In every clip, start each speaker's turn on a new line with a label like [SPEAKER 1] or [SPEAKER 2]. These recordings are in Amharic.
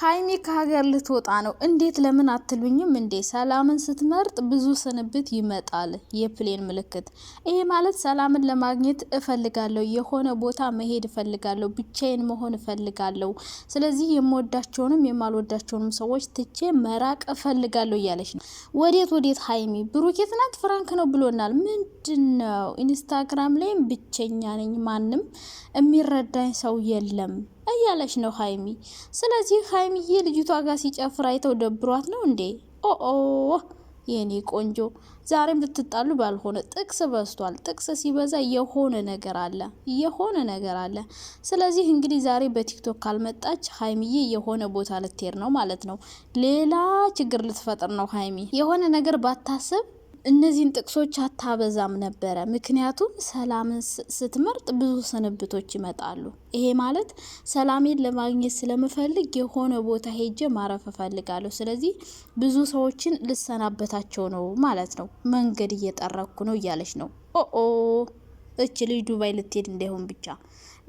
[SPEAKER 1] ሀይሚ ከሀገር ልትወጣ ነው። እንዴት ለምን አትሉኝም እንዴ? ሰላምን ስትመርጥ ብዙ ስንብት ይመጣል። የፕሌን ምልክት ይሄ ማለት ሰላምን ለማግኘት እፈልጋለሁ፣ የሆነ ቦታ መሄድ እፈልጋለሁ፣ ብቻዬን መሆን እፈልጋለሁ፣ ስለዚህ የምወዳቸውንም የማልወዳቸውንም ሰዎች ትቼ መራቅ እፈልጋለሁ እያለች ነው። ወዴት ወዴት? ሀይሚ ብሩኬት ናት ፍራንክ ነው ብሎናል። ምንድን ነው ኢንስታግራም ላይም ብቸኛ ነኝ፣ ማንም የሚረዳኝ ሰው የለም እያለች ነው ሀይሚ። ስለዚህ ሀይሚዬ ልጅቷ ጋር ሲጨፍር አይተው ደብሯት ነው እንዴ? ኦኦ የኔ ቆንጆ ዛሬም ልትጣሉ ባልሆነ ጥቅስ በዝቷል። ጥቅስ ሲበዛ የሆነ ነገር አለ፣ የሆነ ነገር አለ። ስለዚህ እንግዲህ ዛሬ በቲክቶክ ካልመጣች ሀይሚዬ የሆነ ቦታ ልትሄድ ነው ማለት ነው። ሌላ ችግር ልትፈጥር ነው ሀይሚ። የሆነ ነገር ባታስብ እነዚህን ጥቅሶች አታበዛም ነበረ። ምክንያቱም ሰላምን ስትመርጥ ብዙ ስንብቶች ይመጣሉ። ይሄ ማለት ሰላሜን ለማግኘት ስለምፈልግ የሆነ ቦታ ሄጄ ማረፍ እፈልጋለሁ፣ ስለዚህ ብዙ ሰዎችን ልሰናበታቸው ነው ማለት ነው፣ መንገድ እየጠረኩ ነው እያለች ነው። ኦ እች ልጅ ዱባይ ልትሄድ እንዳይሆን ብቻ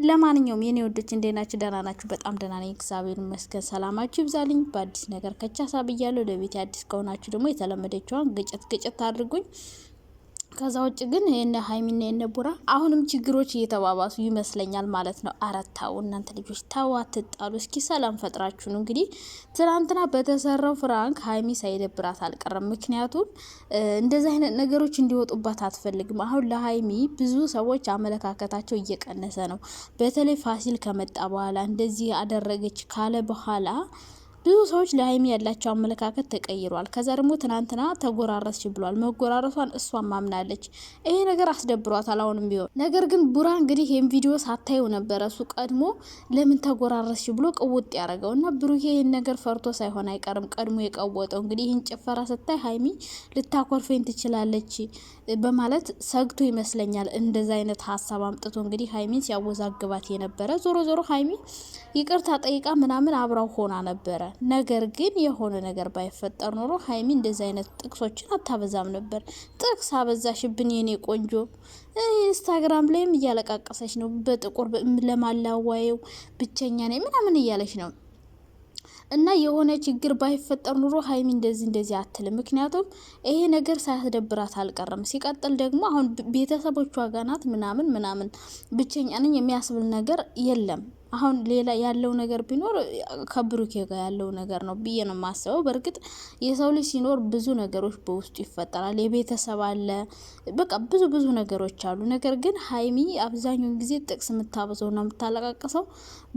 [SPEAKER 1] ለማንኛውም የኔ ወዶች እንዴት ናችሁ? ደህና ናችሁ? በጣም ደህና ነኝ፣ እግዚአብሔር ይመስገን። ሰላማችሁ ይብዛልኝ። በአዲስ ነገር ከቻሳ ብያለሁ። ለቤት አዲስ ከሆናችሁ ደግሞ የተለመደችዋን ግጭት ግጭት አድርጉኝ። ከዛ ውጭ ግን የነ ሀይሚና የነ ቡራ አሁንም ችግሮች እየተባባሱ ይመስለኛል ማለት ነው። አረታው እናንተ ልጆች ተው፣ አትጣሉ እስኪ ሰላም ፈጥራችሁ ነው። እንግዲህ ትናንትና በተሰራው ፍራንክ ሀይሚ ሳይደብራት አልቀረም። ምክንያቱም እንደዚህ አይነት ነገሮች እንዲወጡባት አትፈልግም። አሁን ለሀይሚ ብዙ ሰዎች አመለካከታቸው እየቀነሰ ነው። በተለይ ፋሲል ከመጣ በኋላ እንደዚህ አደረገች ካለ በኋላ ብዙ ሰዎች ለሀይሚ ያላቸው አመለካከት ተቀይሯል። ከዛ ደግሞ ትናንትና ተጎራረስች ብሏል። መጎራረሷን እሷን ማምናለች። ይሄ ነገር አስደብሯታል አሁንም ቢሆን ነገር ግን ቡራ እንግዲህ ይህም ቪዲዮ ሳታየው ነበረ እሱ ቀድሞ ለምን ተጎራረስች ብሎ ቅውጥ ያደረገው እና ብሩኬ ይህን ነገር ፈርቶ ሳይሆን አይቀርም ቀድሞ የቀወጠው። እንግዲህ ይህን ጭፈራ ስታይ ሀይሚ ልታኮርፌን ትችላለች በማለት ሰግቶ ይመስለኛል እንደዛ አይነት ሀሳብ አምጥቶ እንግዲህ ሀይሚን ሲያወዛግባት የነበረ ዞሮ ዞሮ ሀይሚ ይቅርታ ጠይቃ ምናምን አብራው ሆና ነበረ ነገር ግን የሆነ ነገር ባይፈጠር ኖሮ ሀይሚ እንደዚ አይነት ጥቅሶችን አታበዛም ነበር። ጥቅስ አበዛሽብን የኔ ቆንጆ። ኢንስታግራም ላይም እያለቃቀሰች ነው። በጥቁር ለማላዋየው ብቸኛ ነኝ ምናምን እያለች ነው። እና የሆነ ችግር ባይፈጠር ኑሮ ሀይሚ እንደዚህ እንደዚህ አትልም። ምክንያቱም ይሄ ነገር ሳያስደብራት አልቀረም። ሲቀጥል ደግሞ አሁን ቤተሰቦቿ ጋናት ምናምን ምናምን ብቸኛ ነኝ የሚያስብል ነገር የለም። አሁን ሌላ ያለው ነገር ቢኖር ከብሩኬ ጋር ያለው ነገር ነው ብዬ ነው የማስበው። በእርግጥ የሰው ልጅ ሲኖር ብዙ ነገሮች በውስጡ ይፈጠራል። የቤተሰብ አለ፣ በቃ ብዙ ብዙ ነገሮች አሉ። ነገር ግን ሀይሚ አብዛኛውን ጊዜ ጥቅስ የምታበዘው ና የምታለቃቅሰው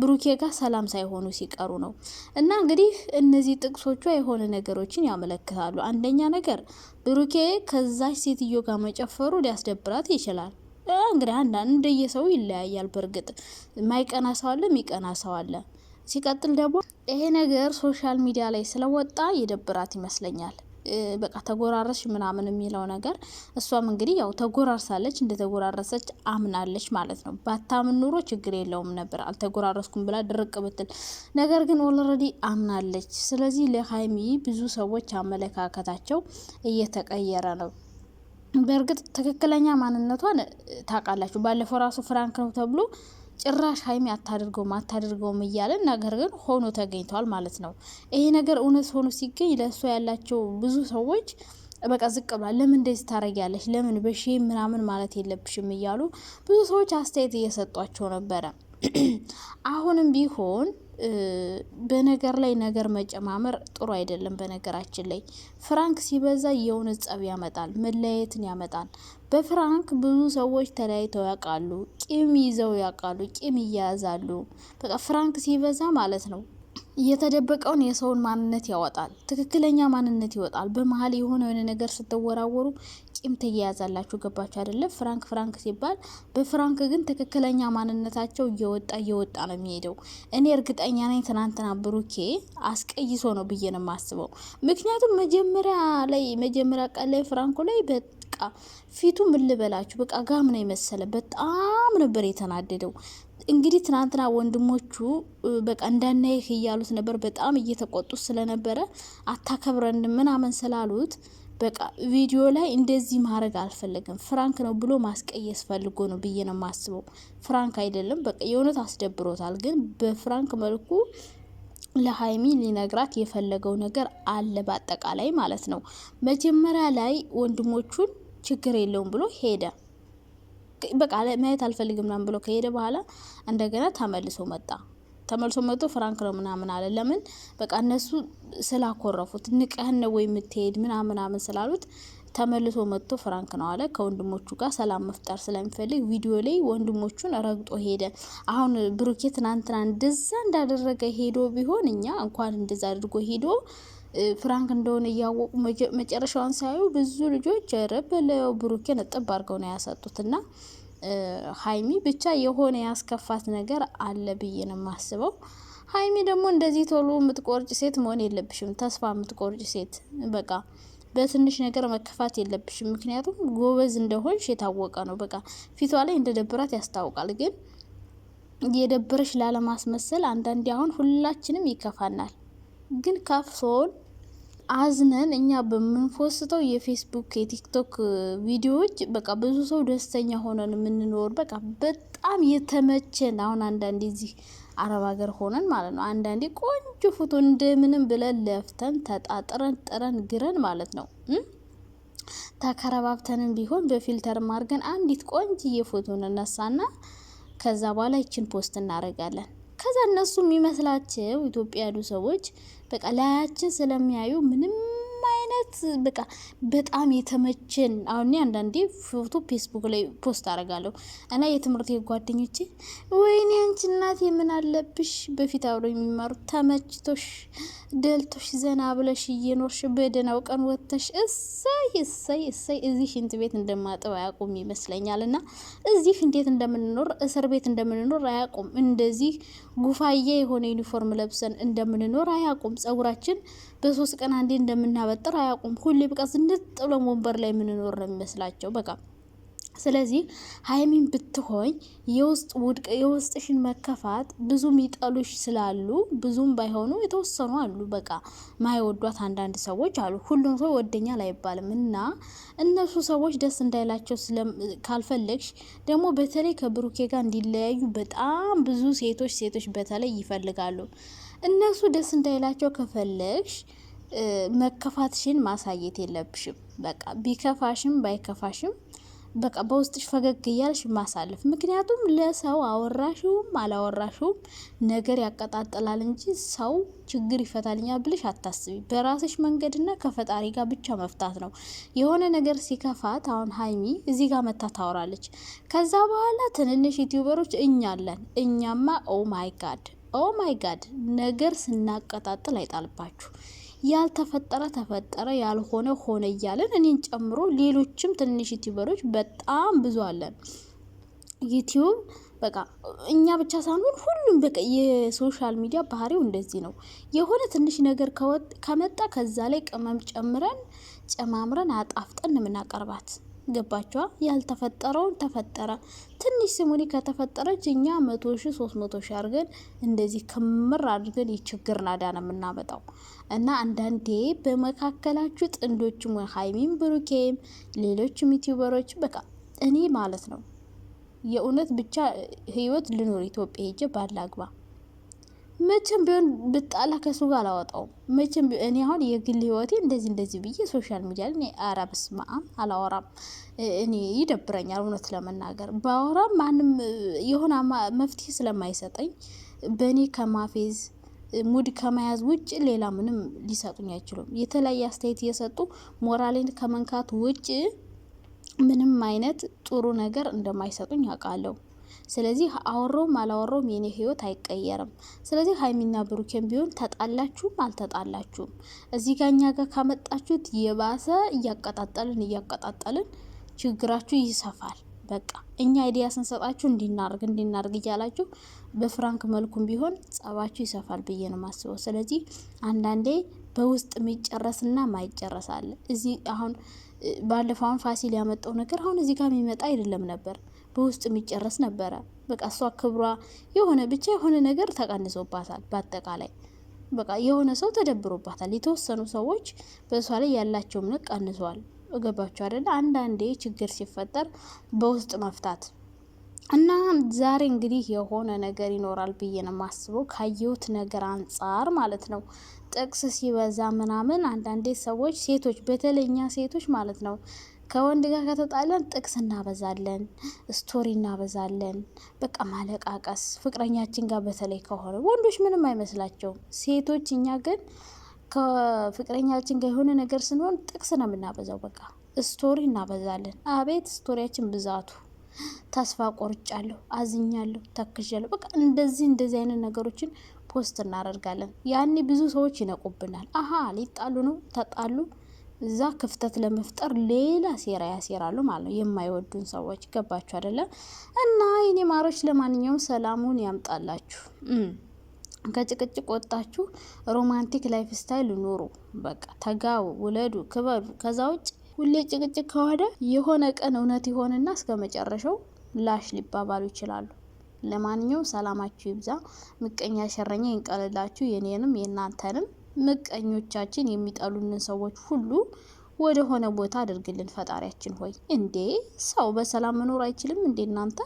[SPEAKER 1] ብሩኬ ጋር ሰላም ሳይሆኑ ሲቀሩ ነው። እና እንግዲህ እነዚህ ጥቅሶቿ የሆነ ነገሮችን ያመለክታሉ። አንደኛ ነገር ብሩኬ ከዛች ሴትዮ ጋር መጨፈሩ ሊያስደብራት ይችላል። እንግዲህ አንዳንድ እንደየሰው ይለያያል። በእርግጥ የማይቀና ሰው አለ፣ የሚቀና ሰው አለ። ሲቀጥል ደግሞ ይሄ ነገር ሶሻል ሚዲያ ላይ ስለወጣ የደብራት ይመስለኛል። በቃ ተጎራረሽ ምናምን የሚለው ነገር እሷም እንግዲህ ያው ተጎራርሳለች፣ እንደተጎራረሰች አምናለች ማለት ነው። ባታምን ኑሮ ችግር የለውም ነበር፣ አልተጎራረስኩም ብላ ድርቅ ብትል። ነገር ግን ኦልሬዲ አምናለች። ስለዚህ ለሀይሚ ብዙ ሰዎች አመለካከታቸው እየተቀየረ ነው። በእርግጥ ትክክለኛ ማንነቷን ታውቃላችሁ። ባለፈው ራሱ ፍራንክ ነው ተብሎ ጭራሽ ሀይሚ አታድርገውም አታደርገውም እያለን ነገር ግን ሆኖ ተገኝተዋል ማለት ነው። ይሄ ነገር እውነት ሆኖ ሲገኝ ለእሷ ያላቸው ብዙ ሰዎች በቃ ዝቅ ብላ ለምን እንደዚህ ታደርጊያለሽ? ለምን በሺ ምናምን ማለት የለብሽም እያሉ ብዙ ሰዎች አስተያየት እየሰጧቸው ነበረ። አሁንም ቢሆን በነገር ላይ ነገር መጨማመር ጥሩ አይደለም። በነገራችን ላይ ፍራንክ ሲበዛ የውን ጸብ ያመጣል፣ መለያየትን ያመጣል። በፍራንክ ብዙ ሰዎች ተለያይተው ያውቃሉ፣ ቂም ይዘው ያውቃሉ፣ ቂም ይያያዛሉ። በቃ ፍራንክ ሲበዛ ማለት ነው። የተደበቀውን የሰውን ማንነት ያወጣል። ትክክለኛ ማንነት ይወጣል። በመሀል የሆነ የሆነ ነገር ስትወራወሩ ቂም ትያያዛላችሁ። ገባችሁ አይደለም? ፍራንክ ፍራንክ ሲባል በፍራንክ ግን ትክክለኛ ማንነታቸው እየወጣ እየወጣ ነው የሚሄደው። እኔ እርግጠኛ ነኝ ትናንትና ብሩኬ አስቀይሶ ነው ብዬ ነው የማስበው። ምክንያቱም መጀመሪያ ላይ መጀመሪያ ቀን ላይ ፍራንኩ ላይ በቃ ፊቱ ምን ልበላችሁ፣ በቃ ጋም ነው የመሰለ በጣም ነበር የተናደደው። እንግዲህ ትናንትና ወንድሞቹ በቃ እንዳናይህ እያሉት ነበር። በጣም እየተቆጡት ስለነበረ አታከብረን ምናምን ስላሉት በቃ ቪዲዮ ላይ እንደዚህ ማድረግ አልፈለግም ፍራንክ ነው ብሎ ማስቀየስ ፈልጎ ነው ብዬ ነው የማስበው። ፍራንክ አይደለም፣ በቃ የእውነት አስደብሮታል። ግን በፍራንክ መልኩ ለሀይሚ ሊነግራት የፈለገው ነገር አለ፣ በአጠቃላይ ማለት ነው። መጀመሪያ ላይ ወንድሞቹን ችግር የለውም ብሎ ሄደ። በቃ ማየት አልፈልግም ምናምን ብሎ ከሄደ በኋላ እንደገና ተመልሶ መጣ። ተመልሶ መጥቶ ፍራንክ ነው ምናምን አለ። ለምን በቃ እነሱ ስላኮረፉት ንቀህን ወይ የምትሄድ ምናምናምን ስላሉት ተመልሶ መጥቶ ፍራንክ ነው አለ። ከወንድሞቹ ጋር ሰላም መፍጠር ስለሚፈልግ ቪዲዮ ላይ ወንድሞቹን ረግጦ ሄደ። አሁን ብሩኬ ትናንትና እንደዛ እንዳደረገ ሄዶ ቢሆን እኛ እንኳን እንደዛ አድርጎ ሄዶ ፍራንክ እንደሆነ እያወቁ መጨረሻዋን ሳያዩ ብዙ ልጆች ኧረ በለው ነጥብ አድርገው ነው ያሰጡት። እና ሀይሚ ብቻ የሆነ ያስከፋት ነገር አለ ብዬ ነው የማስበው። ሀይሚ ደግሞ እንደዚህ ቶሎ የምትቆርጭ ሴት መሆን የለብሽም። ተስፋ የምትቆርጭ ሴት በቃ በትንሽ ነገር መከፋት የለብሽም። ምክንያቱም ጎበዝ እንደሆንሽ የታወቀ ነው። በቃ ፊቷ ላይ እንደ ደብራት ያስታውቃል። ግን የደበረሽ ላለማስመሰል አንዳንዴ አሁን ሁላችንም ይከፋናል። ግን ካፕሶን አዝነን እኛ በምንፎስተው የፌስቡክ የቲክቶክ ቪዲዮዎች በቃ ብዙ ሰው ደስተኛ ሆነን የምንኖር በቃ በጣም የተመቸን አሁን አንዳንዴ እዚህ አረብ ሀገር ሆነን ማለት ነው። አንዳንዴ ቆንጆ ፎቶ እንደምንም ብለን ለፍተን ተጣጥረን ጥረን ግረን ማለት ነው ተከረባብተንም ቢሆን በፊልተር አድርገን አንዲት ቆንጅዬ ፎቶ እንነሳና ከዛ በኋላ ይችን ፖስት እናደርጋለን። ከዛ እነሱ የሚመስላቸው ኢትዮጵያ ያሉ ሰዎች በቃ ላያችን ስለሚያዩ ምንም አይነት በቃ በጣም የተመቸን አሁን አንዳንዴ ፎቶ ፌስቡክ ላይ ፖስት አደርጋለሁ እና የትምህርት ጓደኞቼ ወይኔ አንቺ እናት የምን አለብሽ በፊት አብሮ የሚማሩት ተመችቶሽ ደልቶሽ ዘና ብለሽ እየኖርሽ በደህናው ቀን ወጥተሽ እሰይ እሰይ እሰይ እዚህ ሽንት ቤት እንደማጠብ አያውቁም ይመስለኛል እና እዚህ እንዴት እንደምንኖር እስር ቤት እንደምንኖር አያውቁም። እንደዚህ ጉፋዬ የሆነ ዩኒፎርም ለብሰን እንደምንኖር አያውቁም። ጸጉራችን በሶስት ቀን አንዴ እንደምናበጥር አያውቁም። ሁሌ በቃ ዝንጥ ብለን ወንበር ላይ የምንኖር ነው የሚመስላቸው በቃ ስለዚህ ሀይሚን ብትሆኝ የውስጥ ውድቅ የውስጥሽን መከፋት ብዙ ሚጠሉሽ ስላሉ ብዙም ባይሆኑ የተወሰኑ አሉ። በቃ ማይወዷት አንዳንድ ሰዎች አሉ። ሁሉም ሰው ወደኛል አይባልም እና እነሱ ሰዎች ደስ እንዳይላቸው ካልፈለግሽ ደግሞ በተለይ ከብሩኬ ጋር እንዲለያዩ በጣም ብዙ ሴቶች ሴቶች በተለይ ይፈልጋሉ። እነሱ ደስ እንዳይላቸው ከፈለግሽ መከፋትሽን ማሳየት የለብሽም። በቃ ቢከፋሽም ባይከፋሽም በቃ በውስጥሽ ፈገግ እያልሽ ማሳለፍ። ምክንያቱም ለሰው አወራሽውም አላወራሽውም ነገር ያቀጣጥላል እንጂ ሰው ችግር ይፈታልኛል ብልሽ አታስቢ። በራስሽ መንገድና ከፈጣሪ ጋር ብቻ መፍታት ነው። የሆነ ነገር ሲከፋት አሁን ሀይሚ እዚህ ጋር መታ ታወራለች። ከዛ በኋላ ትንንሽ ዩቲዩበሮች እኛ አለን። እኛማ ኦ ማይ ጋድ ኦ ማይ ጋድ ነገር ስናቀጣጥል አይጣልባችሁ ያልተፈጠረ ተፈጠረ፣ ያልሆነ ሆነ እያለን እኔን ጨምሮ ሌሎችም ትንሽ ዩቲዩበሮች በጣም ብዙ አለን። ዩቲዩብ በቃ እኛ ብቻ ሳንሆን ሁሉም በቃ የሶሻል ሚዲያ ባህሪው እንደዚህ ነው። የሆነ ትንሽ ነገር ከመጣ ከዛ ላይ ቅመም ጨምረን ጨማምረን አጣፍጠን የምናቀርባት ገባቸዋ። ያልተፈጠረውን ተፈጠረ። ትንሽ ሲሙኒ ከተፈጠረች እኛ መቶ ሺ ሶስት መቶ ሺ አድርገን እንደዚህ ክምር አድርገን የችግር ናዳ ነው የምናመጣው። እና አንዳንዴ በመካከላችሁ ጥንዶችም ሀይሚም፣ ብሩኬም፣ ሌሎችም ዩቲዩበሮች በቃ እኔ ማለት ነው የእውነት ብቻ ህይወት ልኖር ኢትዮጵያ ሄጄ ባላግባ መቼም ቢሆን ብጣላ ከሱ ጋር አላወጣውም። መቼም ቢሆን እኔ አሁን የግል ህይወቴ እንደዚህ እንደዚህ ብዬ ሶሻል ሚዲያ ላይ ኧረ በስመ አብ አላወራም። እኔ ይደብረኛል እውነት ለመናገር ባወራም ማንም የሆነ መፍትሄ ስለማይሰጠኝ በእኔ ከማፌዝ ሙድ ከመያዝ ውጭ ሌላ ምንም ሊሰጡኝ አይችሉም። የተለያየ አስተያየት እየሰጡ ሞራሌን ከመንካት ውጭ ምንም አይነት ጥሩ ነገር እንደማይሰጡኝ አውቃለሁ። ስለዚህ አወራውም አላወራውም የኔ ህይወት አይቀየርም። ስለዚህ ሀይሚና ብሩኬም ቢሆን ተጣላችሁም አልተጣላችሁም እዚህ ጋ እኛ ጋር ካመጣችሁት የባሰ እያቀጣጠልን እያቀጣጠልን ችግራችሁ ይሰፋል። በቃ እኛ አይዲያ ስንሰጣችሁ እንዲናርግ እንዲናርግ እያላችሁ በፍራንክ መልኩም ቢሆን ጸባችሁ ይሰፋል ብዬ ነው የማስበው። ስለዚህ አንዳንዴ በውስጥ የሚጨረስና ማይጨረስ አለ። እዚህ አሁን ባለፈው አሁን ፋሲል ያመጣው ነገር አሁን እዚህ ጋር የሚመጣ አይደለም ነበር በውስጥ የሚጨረስ ነበረ። በቃ እሷ ክብሯ የሆነ ብቻ የሆነ ነገር ተቀንሶባታል። በአጠቃላይ በቃ የሆነ ሰው ተደብሮባታል። የተወሰኑ ሰዎች በእሷ ላይ ያላቸው እምነት ቀንሷል። እገባቸው አይደለ? አንዳንዴ ችግር ሲፈጠር በውስጥ መፍታት እና ዛሬ እንግዲህ የሆነ ነገር ይኖራል ብዬ ነው የማስበው ካየሁት ነገር አንጻር ማለት ነው። ጥቅስ ሲበዛ ምናምን አንዳንዴ ሰዎች ሴቶች፣ በተለይ እኛ ሴቶች ማለት ነው ከወንድ ጋር ከተጣለን ጥቅስ እናበዛለን፣ ስቶሪ እናበዛለን። በቃ ማለቃቀስ ፍቅረኛችን ጋር በተለይ ከሆነ ወንዶች ምንም አይመስላቸውም። ሴቶች እኛ ግን ከፍቅረኛችን ጋር የሆነ ነገር ስንሆን ጥቅስ ነው የምናበዛው። በቃ ስቶሪ እናበዛለን። አቤት ስቶሪያችን ብዛቱ ተስፋ ቆርጫለሁ፣ አዝኛለሁ፣ ተክዣለሁ። በቃ እንደዚህ እንደዚህ አይነት ነገሮችን ፖስት እናደርጋለን። ያኔ ብዙ ሰዎች ይነቁብናል። አሀ ሊጣሉ ነው፣ ተጣሉ እዛ ክፍተት ለመፍጠር ሌላ ሴራ ያሴራሉ ማለት ነው። የማይወዱን ሰዎች ገባችሁ አይደለም? እና የኔ ማሮች ለማንኛውም ሰላሙን ያምጣላችሁ። ከጭቅጭቅ ወጣችሁ ሮማንቲክ ላይፍ ስታይል ኑሩ። በቃ ተጋቡ፣ ውለዱ፣ ክበዱ። ከዛ ውጭ ሁሌ ጭቅጭቅ ከዋደ የሆነ ቀን እውነት ይሆንና እስከ መጨረሻው ላሽ ሊባባሉ ይችላሉ። ለማንኛውም ሰላማችሁ ይብዛ። ምቀኛ ሸረኛ ይንቀልላችሁ፣ የኔንም የእናንተንም ምቀኞቻችን የሚጠሉንን ሰዎች ሁሉ ወደ ሆነ ቦታ አድርግልን ፈጣሪያችን ሆይ። እንዴ ሰው በሰላም መኖር አይችልም እንዴ እናንተ?